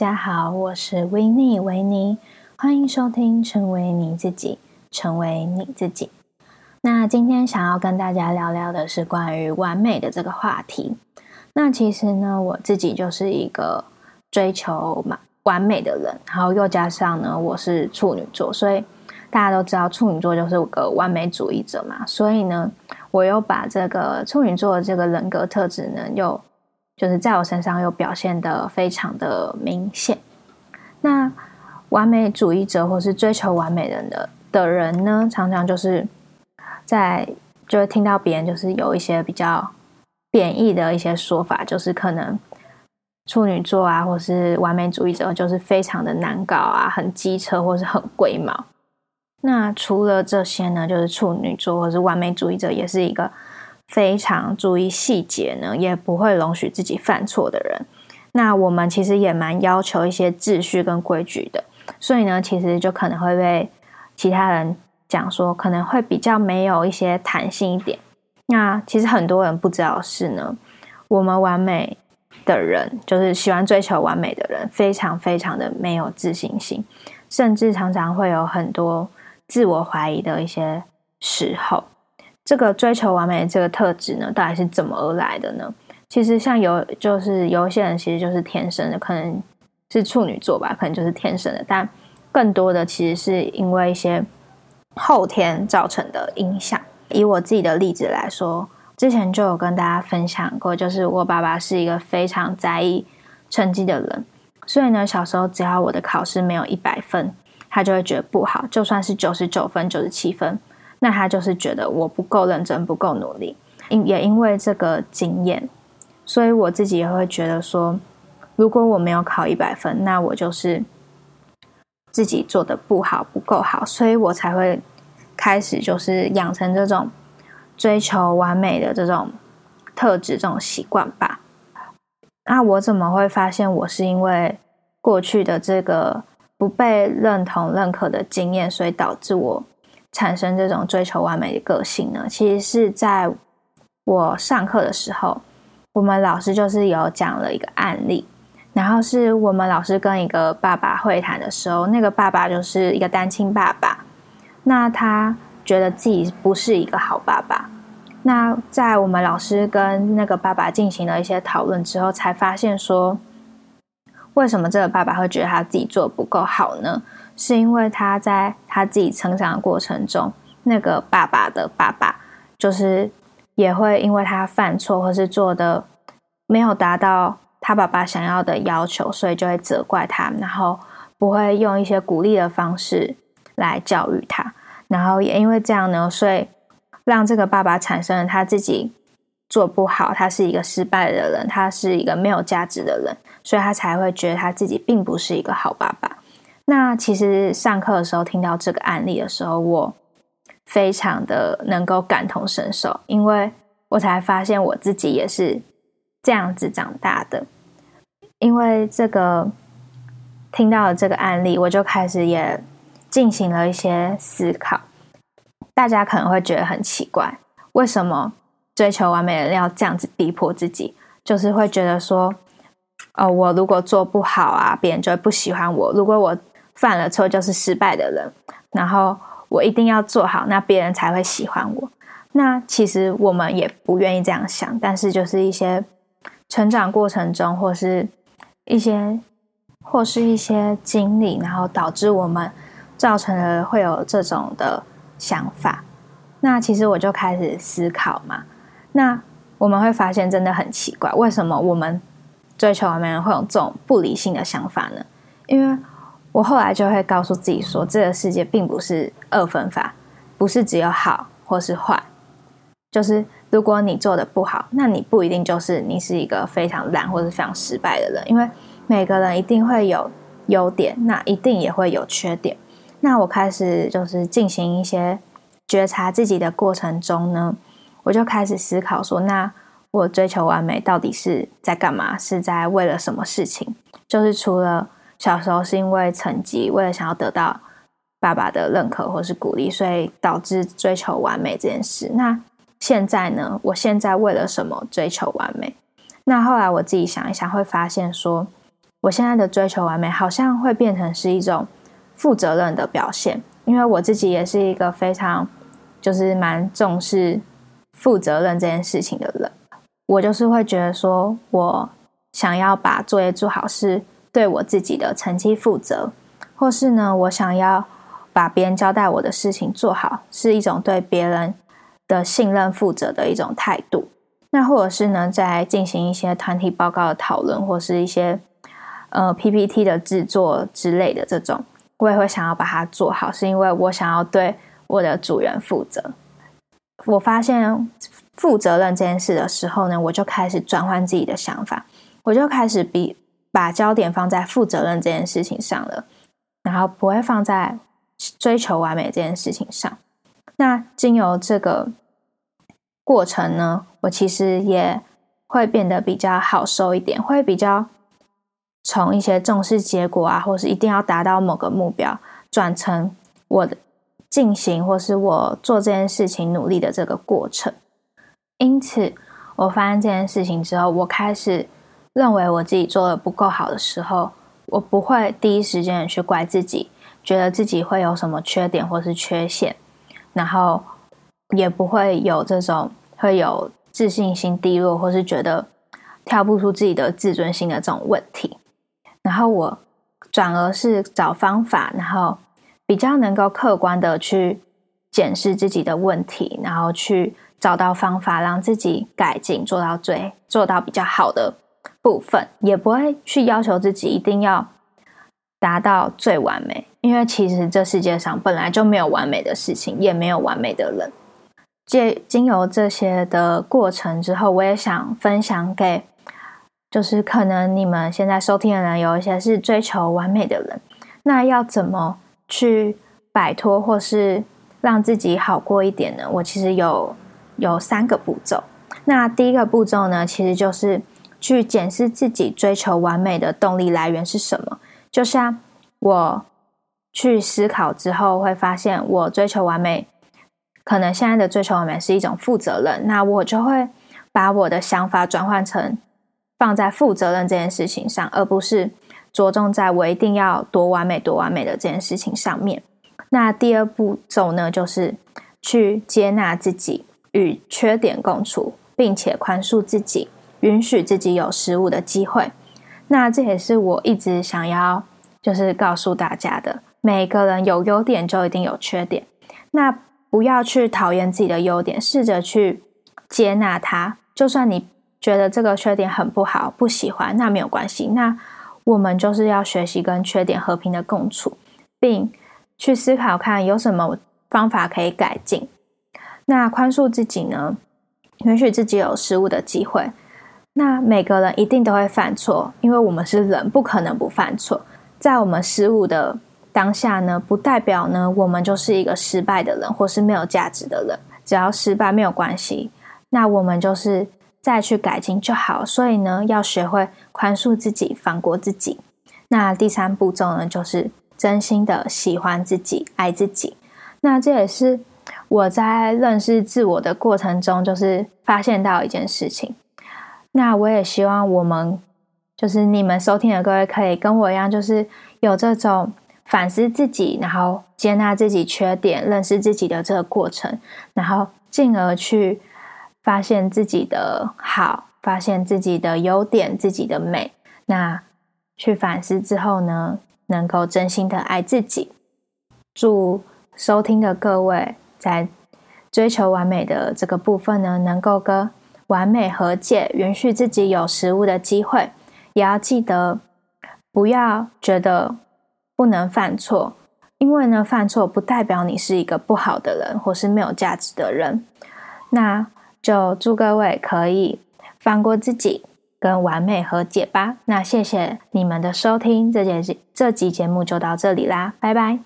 大家好，我是維尼維尼，歡迎收聽《成為你自己，成為你自己》。那今天想要跟大家聊聊的是關於完美的這個話題。那其實呢，我自己就是一個追求完美的人，然後又加上呢，我是處女座，所以大家都知道處女座就是個完美主義者嘛。所以呢，我又把這個處女座的這個人格特質呢又。就是在我身上又表現得非常的明顯。那完美主義者或是追求完美人的的人呢，常常就是在就會聽到別人就是有一些比較貶義的一些說法，就是可能處女座啊，或是完美主義者就是非常的難搞啊，很機車或是很龜毛。那除了這些呢，就是處女座或是完美主義者也是一個。非常注意細節呢，也不會容許自己犯錯的人。那我們其實也蠻要求一些秩序跟規矩的，所以呢，其實就可能會被其他人講說，可能會比較沒有一些彈性一點。那其實很多人不知道是呢，我們完美的人，就是喜歡追求完美的人，非常非常的沒有自信心，甚至常常會有很多自我懷疑的一些時候。這個追求完美的這個特質呢，到底是怎麼而來的呢？其實像有就是有些人其實就是天生的，可能是處女座吧，可能就是天生的。但更多的其實是因為一些後天造成的影響。以我自己的例子來說，之前就有跟大家分享過，就是我爸爸是一個非常在意成績的人，所以呢，小時候只要我的考試沒有一百分，他就會覺得不好，就算是九十九分、九十七分。那他就是覺得我不夠認真，不夠努力，因也因為這個經驗，所以我自己也會覺得說，如果我沒有考一百分，那我就是自己做的不好，不夠好，所以我才會開始就是養成這種追求完美的這種特質、這種習慣吧。那我怎麼會發現我是因為過去的這個不被認同、認可的經驗，所以導致我產生這種追求完美的個性呢？其實是在我上課的時候，我們老師就是有講了一個案例，然後是我們老師跟一個爸爸會談的時候，那個爸爸就是一個單親爸爸，那他覺得自己不是一個好爸爸。那在我們老師跟那個爸爸進行了一些討論之後，才發現說，為什麼這個爸爸會覺得他自己做得不夠好呢？是因為他在他自己成長的過程中，那個爸爸的爸爸，就是也會因為他犯錯或是做的沒有達到他爸爸想要的要求，所以就會責怪他，然後不會用一些鼓勵的方式來教育他。然後也因為這樣呢，所以讓這個爸爸產生了他自己做不好，他是一個失敗的人，他是一個沒有價值的人，所以他才會覺得他自己並不是一個好爸爸。那其實上課的時候聽到這個案例的時候，我非常的能夠感同身受，因為我才發現我自己也是這樣子長大的。因為這個聽到了這個案例，我就開始也進行了一些思考。大家可能會覺得很奇怪，為什麼追求完美的人要這樣子逼迫自己？就是會覺得說，哦，我如果做不好啊，別人就會不喜歡我。如果我犯了錯，就是失敗的人，然後我一定要做好，那別人才會喜歡我。那其實我們也不願意這樣想，但是就是一些成長過程中，或是一些或是一些經歷，然後導致我們造成了會有這種的想法。那其實我就開始思考嘛，那我們會發現真的很奇怪，為什麼我們追求完美人會有這種不理性的想法呢？因為我後來就會告訴自己說，這個世界並不是二分法，不是只有好或是壞。就是如果你做得不好，那你不一定就是你是一個非常爛或者非常失敗的人，因為每個人一定會有優點，那一定也會有缺點。那我開始就是進行一些覺察自己的過程中呢，我就開始思考說，那我追求完美到底是在幹嘛？是在為了什麼事情？就是除了。小時候是因為成績，為了想要得到爸爸的認可或是鼓勵，所以導致追求完美這件事。那現在呢？我現在為了什麼追求完美？那後來我自己想一想，會發現說，我現在的追求完美好像會變成是一種負責任的表現，因為我自己也是一個非常，就是蠻重視負責任這件事情的人。我就是會覺得說，我想要把作業做好是。對我自己的成績負責，或是呢，我想要把別人交代我的事情做好，是一種對別人的信任負責的一種態度。那或者是呢，在進行一些團體報告的討論，或是一些呃 PPT 的制作之類的這種，我也會想要把它做好，是因為我想要對我的主人負責。我發現負責任這件事的時候呢，我就開始轉換自己的想法，我就開始比。把焦點放在負責任這件事情上了，然後不會放在追求完美這件事情上。那經由這個過程呢，我其實也會變得比較好受一點，會比較從一些重視結果啊，或是一定要達到某個目標，轉成我的進行或是我做這件事情努力的這個過程。因此，我發現這件事情之後，我開始。認為我自己做的不夠好的時候，我不會第一時間去怪自己，覺得自己會有什麼缺點或是缺陷，然後也不會有這種會有自信心低落或是覺得跳不出自己的自尊心的這種問題。然後我轉而是找方法，然後比較能夠客觀的去檢視自己的問題，然後去找到方法讓自己改進，做到最，做到比較好的。部分也不會去要求自己一定要達到最完美，因為其實這世界上本來就沒有完美的事情，也沒有完美的人。借，經由這些的過程之後，我也想分享給，就是可能你們現在收聽的人有一些是追求完美的人，那要怎麼去擺脫或是讓自己好過一點呢？我其實有有三個步驟。那第一個步驟呢，其實就是。去檢視自己追求完美的動力來源是什麼？就像我去思考之後，會發現我追求完美，可能現在的追求完美是一種負責任。那我就會把我的想法轉換成放在負責任這件事情上，而不是着重在我一定要多完美、多完美的這件事情上面。那第二步驟呢，就是去接納自己與缺點共處，並且寬恕自己。允許自己有失誤的機會，那這也是我一直想要就是告訴大家的。每個人有優點就一定有缺點，那不要去討厭自己的優點，試着去接納它。就算你覺得這個缺點很不好，不喜歡，那沒有關係。那我們就是要學習跟缺點和平的共處，並去思考看有什麼方法可以改進。那寬恕自己呢，允許自己有失誤的機會。那每個人一定都會犯錯，因為我們是人，不可能不犯錯。在我們失誤的當下呢，不代表呢我們就是一個失敗的人，或是沒有價值的人。只要失敗沒有關係，那我們就是再去改進就好。所以呢，要學會寬恕自己，放過自己。那第三步驟呢，就是真心的喜歡自己，愛自己。那這也是我在認識自我的過程中，就是發現到一件事情。那我也希望我們就是你們收聽的各位，可以跟我一樣，就是有這種反思自己，然後接納自己缺點、認識自己的這個過程，然後進而去發現自己的好，發現自己的優點、自己的美。那去反思之後呢，能夠真心的愛自己。祝收聽的各位在追求完美的這個部分呢，能夠跟完美和解，允許自己有失誤的機會，也要記得不要覺得不能犯錯，因為呢，犯錯不代表你是一個不好的人或是沒有價值的人。那就祝各位可以放過自己，跟完美和解吧。那謝謝你們的收聽，這節這集節目就到這裡啦，拜拜。